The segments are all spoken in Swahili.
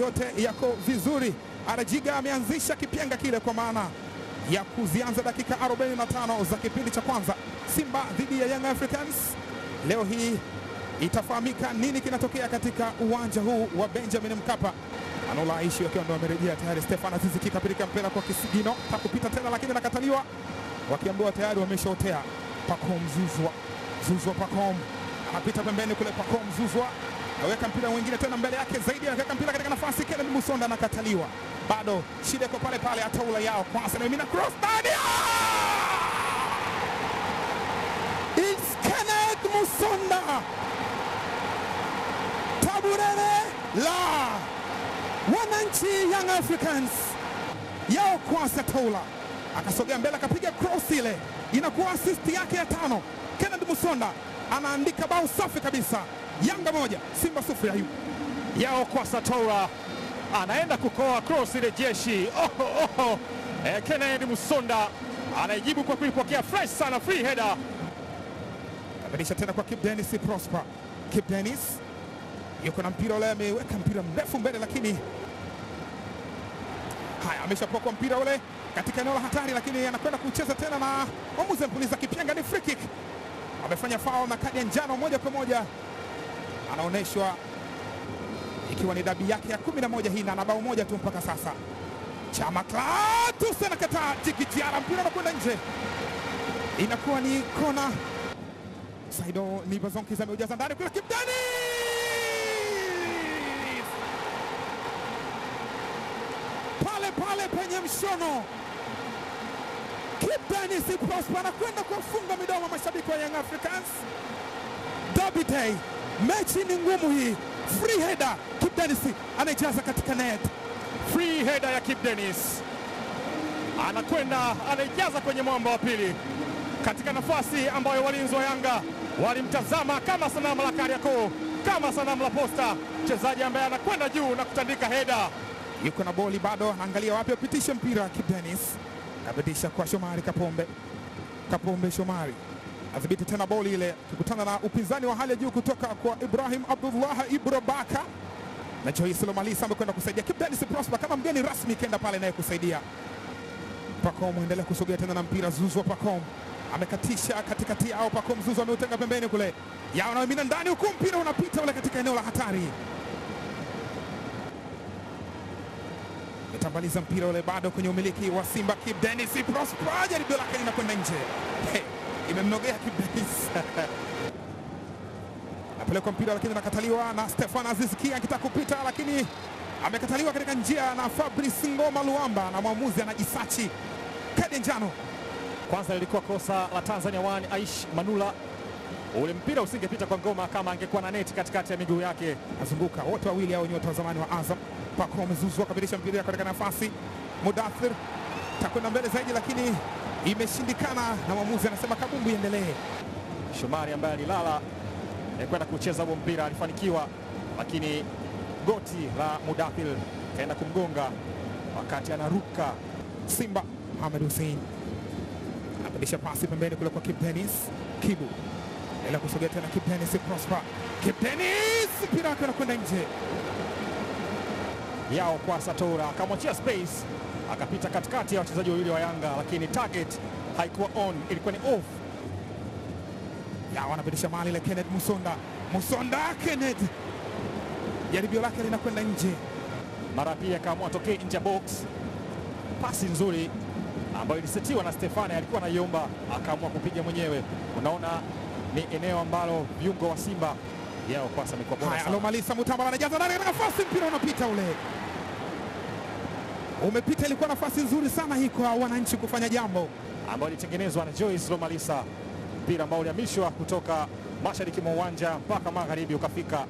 yote yako vizuri. Arajiga ameanzisha kipenga kile kwa maana ya kuzianza dakika 45 za kipindi cha kwanza Simba dhidi ya Young Africans. Leo hii itafahamika nini kinatokea katika uwanja huu wa Benjamin Mkapa. Anula Aishi wakiwa ndio wamerejea tayari. Stefan Azizi kikapilika mpira kwa kisigino takupita tena, lakini nakataliwa, wakiambiwa tayari wameshaotea. Pakom Zuzwa, Zuzwa Pakom anapita pembeni kule, Pakom Zuzwa Kaweka mpira mwingine tena mbele yake zaidi, akaweka mpira katika nafasi, Kennedy Musonda anakataliwa. Bado shida iko pale pale, ataula yao kwanza, na cross ndani. It's Kenneth Musonda taburere la wananchi Young Africans yao kwanza, taula akasogea mbele, akapiga cross, ile inakuwa assist yake ya tano. Kennedy Musonda anaandika bao safi kabisa. Yanga moja Simba sufuri. Ayubu yao kwa Satora anaenda kukoa cross ile jeshi oh, oh, oh. E, Kennedy Musonda anaijibu kwa kuipokea fresh sana, free header kabirisha tena kwa Kip Dennis Prosper. Kip Dennis yuko na mpira ule, ameweka mpira mrefu mbele, lakini haya, ameshapokwa mpira ule katika eneo la hatari, lakini anakwenda kucheza tena na mwamuzi mpuliza kipienga ni free kick. Amefanya foul na kadi ya njano moja kwa moja anaonyeshwa ikiwa ni dabi yake ya kumi na moja hii, na ana bao moja tu mpaka sasa. Chama Clatous anakataa jikitiara, mpira unakwenda nje, inakuwa ni kona. Saido Nibazonkiza ameujaza ndani kule Kipdani pale pale penye mshono Kipdani si Prosper anakwenda kuwafunga midomo mashabiki wa Young Africans. Derby day Mechi ni ngumu hii. Free header, Kip Dennis anaijaza katika net. Free header ya Kip Dennis anakwenda anaijaza kwenye mwamba wa pili katika nafasi ambayo walinzi wa Yanga walimtazama kama sanamu la Kariakoo, kama sanamu la Posta, mchezaji ambaye anakwenda juu na kutandika heda. Yuko na boli bado, anaangalia wapi apitishe mpira. Kip Dennis kapitisha kwa Shomari Kapombe, Kapombe Shomari adhibiti tena boli ile, kukutana na upinzani wa hali ya juu kutoka kwa Ibrahim Abdullah Ibro Baka na Joyce Lomalisa amekwenda kusaidia. Kip Dennis Prosper kama mgeni rasmi kenda pale naye kusaidia. Pacom endelea kusogea tena na mpira, Zuzu wa Pacom amekatisha katikati yao, Pacom Zuzu ameutenga pembeni kule, yao anamimina ndani huku, mpira unapita ule katika eneo la hatari. Ametambaliza mpira ule bado kwenye umiliki wa Simba. Kip Dennis Prosper, jaribio lake linakwenda nje. Hey imemnogea kabisa. napelekwa mpira lakini anakataliwa na Stefan Azizkia akitaka kupita, lakini amekataliwa katika njia na Fabrice Ngoma Luamba, na mwamuzi anajisachi kadi njano. Kwanza lilikuwa kosa la Tanzania One Aish Manula. Ule mpira usingepita kwa Ngoma kama angekuwa na neti katikati ya miguu yake. Azunguka wote wawili hao nyota wa zamani wa Azam. Pako wamezuzwa kabilisha mpira katika nafasi. Mudathir takwenda mbele zaidi, lakini imeshindikana na mwamuzi anasema kabumbu iendelee. Shomari ambaye alilala kwenda kucheza huo mpira alifanikiwa, lakini goti la Mudathir kaenda kumgonga wakati anaruka. Simba Mohamed Hussein anabadilisha pasi pembeni kule kwa denis Kibu, endelea kusogea tena Kipdenis Prosper, Kipdenis mpira wake anakwenda nje. Yao kwa Satora akamwachia space akapita katikati ya wachezaji wawili wa Yanga, lakini target haikuwa on, ilikuwa ni off. Ya wanapitisha mali la Kenneth Musonda, Musonda Kenneth, jaribio lake linakwenda nje. Mara pia akaamua tokee nje ya box. Pasi nzuri ambayo ilisetiwa na Stefani, alikuwa anaiomba, akaamua kupiga mwenyewe. Unaona ni eneo ambalo viungo wa Simba yao pasa mikoa bora. Haya, Alomalisa Mutamba anajaza ndani katika nafasi, mpira unapita ule umepita. Ilikuwa nafasi nzuri sana hii kwa wananchi kufanya jambo ambayo ilitengenezwa na Joyce Lomalisa, mpira ambao ulihamishwa kutoka mashariki mwa uwanja mpaka magharibi ukafika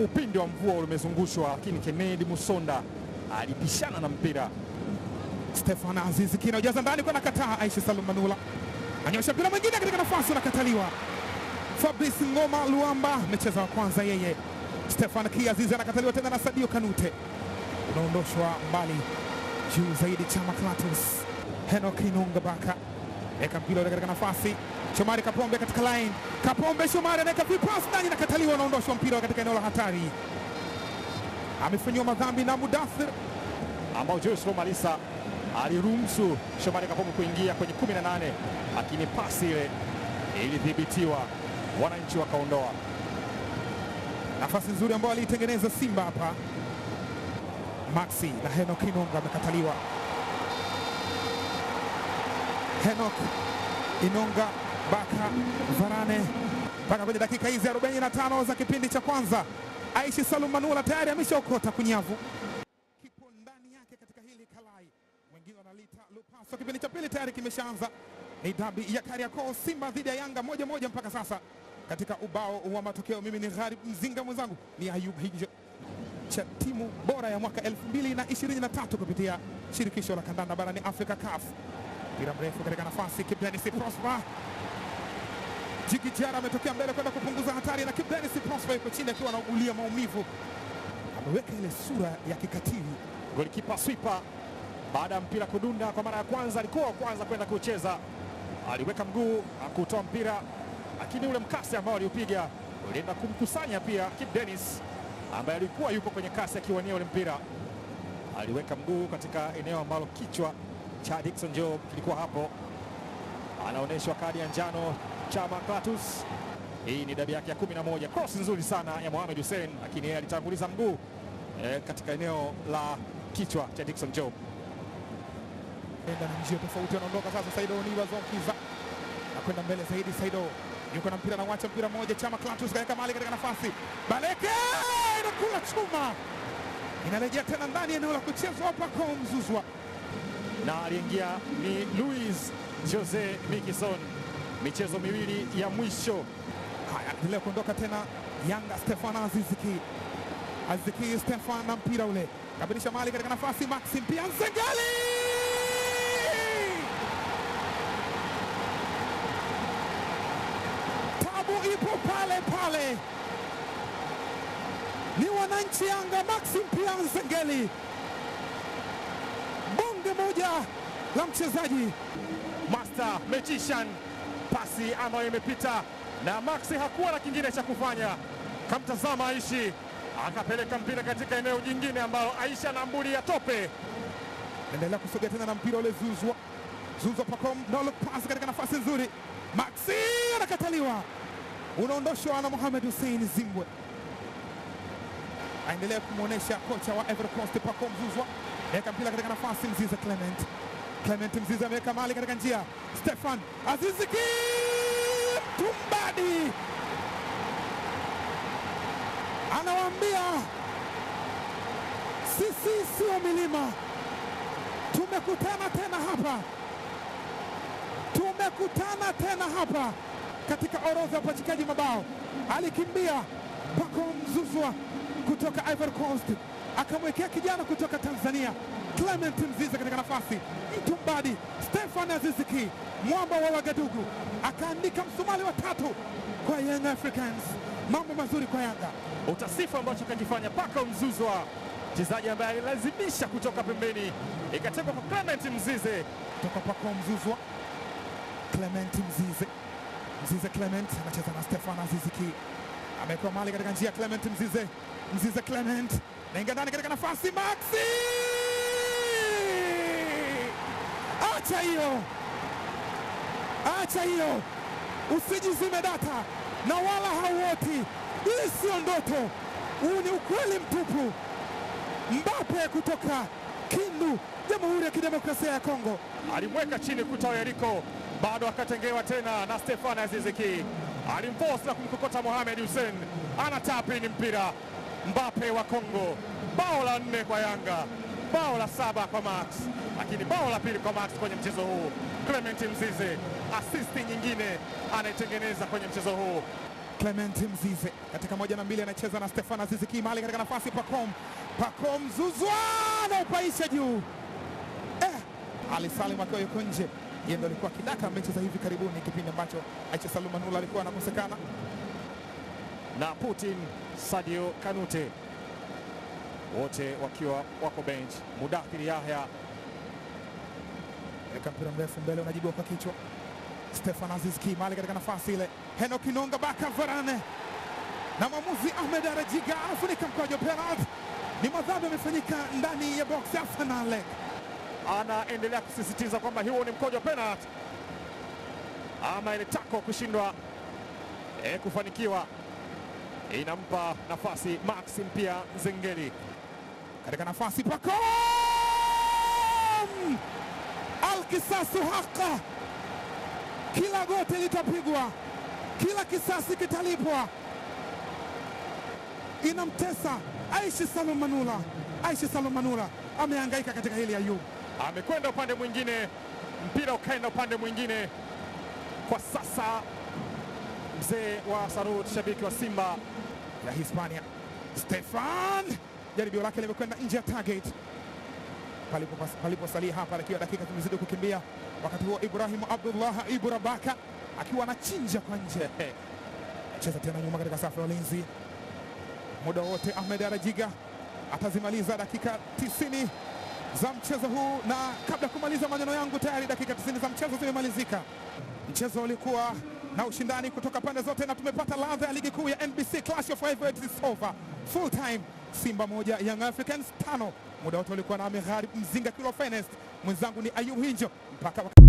upinde wa mvua umezungushwa, lakini Kennedy Musonda alipishana na mpira. Stefan Aziz Ki ujaza ndani kwa nakataa. Aisha Salum Manula anyosha mpira mwingine katika nafasi unakataliwa. Fabrice Ngoma Luamba amecheza wa kwanza yeye. Stefan Kiazizi Aziz anakataliwa tena na Sadio Kanute unaondoshwa mbali juu zaidi. Chama Clatous Henok Inunga Baka weka mpira katika nafasi Shomari Kapombe katika line, Kapombe Shomari anaweka vipasi ndani, nakataliwa, anaondoshwa mpira katika eneo la hatari. Amefanyiwa madhambi na Mudathir ambao Joyce Malisa aliruhusu Shomari Kapombe kuingia kwenye 18 lakini pasi ile ilidhibitiwa, wananchi wakaondoa nafasi nzuri ambayo aliitengeneza Simba hapa. Maxi na Henok Inunga amekataliwa. Henok Inunga Baka Varane mpaka kwenye dakika hizi 45 za kipindi cha kwanza, Aishi Salum Manula tayari ameshaokota kunyavu, kipo ndani yake katika hili kalai, wengine wanalita lupaso. Kipindi cha pili tayari kimeshaanza. Ni dabi ya Kariakoo, Simba dhidi ya Yanga, moja moja mpaka sasa katika ubao wa matokeo. Mimi ni Gharib Mzinga, mwenzangu ni Ayub Hija cha timu bora ya mwaka 2023 kupitia shirikisho la kandanda barani Afrika CAF. Mpira mrefu katika nafasi, Kip Denis Prosper Jiki Jara ametokea mbele kwenda kupunguza hatari, na Kip Denis Prosper yuko chini akiwa anaugulia maumivu, ameweka ile sura ya kikatili. Golikipa swipa, baada ya mpira kudunda kwa mara ya kwanza, alikuwa wa kwanza kwenda kucheza, aliweka mguu akutoa mpira, lakini ule mkasi ambao aliupiga ulienda kumkusanya pia Kip Denis ambaye alikuwa yuko kwenye kasi akiwania ule mpira, aliweka mguu katika eneo ambalo kichwa cha Dickson Job kilikuwa hapo. Anaonyeshwa kadi ya njano Chama Clatous. Hii ni dabi yake ya 11. Cross nzuri sana ya Mohamed Hussein, lakini yeye alitanguliza mguu e, katika eneo la kichwa cha Dickson Job. Enda na njia tofauti, anaondoka sasa Saido Niva Zonkiza kwenda mbele zaidi. Saido yuko na mpira, na wacha mpira moja. Chama Clatous kaweka mali katika nafasi, Baleke kula chuma, inarejea tena ndani eneo la kuchezwa hapa kwa Mzuzwa, na aliingia ni Luis Jose Mikison. Michezo miwili ya mwisho. Haya, anaendelea kuondoka tena Yanga, Stefan Aziziki, Aziziki Stefan na mpira ule kabirisha mali katika nafasi, Maxim pia Nzengali tabu ipo pale pale ni wananchi Yanga, Maxim Pian Zengeli, bonge moja la mchezaji Master magician, pasi ambayo imepita na Maxi hakuwa na kingine cha kufanya, kamtazama Aishi akapeleka mpira katika eneo jingine ambalo Aisha na mburi ya tope endelea kusogea tena na mpira ule zuzwa zuzwa Pacom no pasi katika nafasi nzuri, Maxi anakataliwa, unaondoshwa na Mohamed Hussein Zimbwe aendelea kumwonyesha kocha wa Ivory Coast Paco Mzuzwa, aweka mpira katika nafasi Mzize Clement. Clement Mzize ameweka mali katika njia, Stefan aziziki Tumbadi anawaambia sisi sio milima, tumekutana tena hapa, tumekutana tena hapa. Katika orodha ya upachikaji mabao alikimbia Paco Mzigua kutoka Ivory Coast akamwekea kijana kutoka Tanzania Clement Mzize katika nafasi, Mtumbadi Stefan Aziziki mwamba wa Wagadugu akaandika msumali wa tatu kwa Young Africans. Mambo mazuri kwa Yanga, utasifu ambacho kakifanya paka Mzuzwa, mchezaji ambaye alilazimisha kutoka pembeni, ikatekwa kwa Clement Mzize toka paka Mzuzwa. Clement Mzize, Mzize Clement anacheza na Stefan Aziziki amekuwa mali katika njia Clement Mzize, Mzize Clement naingia ndani katika nafasi Maxi, acha hiyo, acha hiyo, usijizime data na wala hauoti. Hii siyo ndoto, huu ni ukweli mtupu. Mbape kutoka Kindu, Jamhuri ya Kidemokrasia ya Kongo, alimweka chini Kutwa Yeriko, bado akatengewa tena na Stefana Aziziki alimforce na kumkokota Mohamed Hussein, tapping mpira Mbappe wa Kongo. Bao la nne kwa Yanga, bao la saba kwa Max, lakini bao la pili kwa Max kwenye mchezo huu. Clement Mzize asisti nyingine anaitengeneza kwenye mchezo huu. Clement Mzize katika moja na mbili anacheza na Stefano Azizi Kimali katika nafasi Pacom. Pacom zuzwa na upaisha juu eh, Ali Salim akiwa yuko nje yeye ndo alikuwa kidaka mechi za hivi karibuni, kipindi ambacho Aisha Salum Manula alikuwa anakosekana na Putin Sadio Kanute, wote wakiwa wako bench. Mudathir Yahya weka mpira mrefu mbele, unajibiwa kwa kichwa. Stefan Aziz mali katika nafasi ile, Henok Inonga, Baka Varane na mwamuzi Ahmed Arajiga anafunika mkojo. Penalti ni madhambi amefanyika ndani ya box ya Arsenal anaendelea kusisitiza kwamba huo ni mkojo wa ama ile tako kushindwa e, kufanikiwa inampa nafasi Maxim pia Zengeli katika nafasi Pacom, alkisasu haka, kila goti litapigwa, kila kisasi kitalipwa. Inamtesa Aishi Salum Manula. Aishi Salum Manula ameangaika katika hili yu amekwenda upande mwingine, mpira ukaenda upande mwingine. Kwa sasa mzee wa Sarut, shabiki wa Simba ya Hispania, Stefan, jaribio lake limekwenda nje ya target paliposalia hapa, akiwa dakika zimezidi kukimbia. Wakati huo Ibrahimu Abdullah Ibra Baka akiwa anachinja kwa nje, cheza tena nyuma katika safu ya ulinzi. Muda wote Ahmed Arajiga atazimaliza dakika tisini za mchezo huu, na kabla ya kumaliza maneno yangu, tayari dakika 90 za mchezo zimemalizika. Mchezo ulikuwa na ushindani kutoka pande zote, na tumepata ladha ya ligi kuu ya NBC. Clash of Heavyweights is over. Full time Simba moja Young Africans tano. Muda wote ulikuwa na Ami Gharib Mzinga, Kilofenest mwenzangu ni Ayub Hinjo mpaka